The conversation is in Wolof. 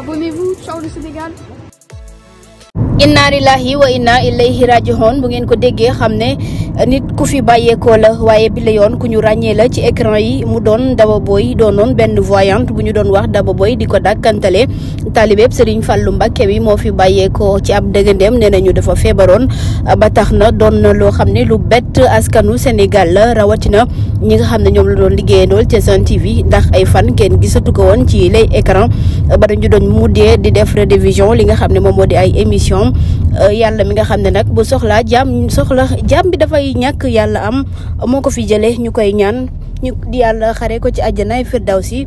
abonnez-vous ciao le Sénégal inna lillahi wa inna ilayhi raji'un bu ngeen ko déggé xamné eh, nit ku fi ko la wayé bi la yoon ku ñu ràññee la ci écran yi mu doon Daba Boye doonoon benn voyante bu ñu doon wax Daba boy di ko taalibeeb Serigne Fallou Mbacké bi moo fi bàyyeekoo ci ab dëggandeem nee nañu dafa feebaroon ba tax na doon na loo xam ne lu bett askanu Sénégal la rawatina ñi nga xam ne ñoom la doon liggéeyandool ci Sen TV ndax ay fan kenn gisatu ko woon ci lay écran ba dañu doon dee di def rediffusion li nga xam ne moom moo di ay émission euh, yàlla mi nga xam ne nag bu soxlaa jaam soxla jaam bi dafay ñàkk yàlla am moo ko fi jëlee ñu koy ñaan ñu di yàlla xare ko ci àjjanaay firdawsi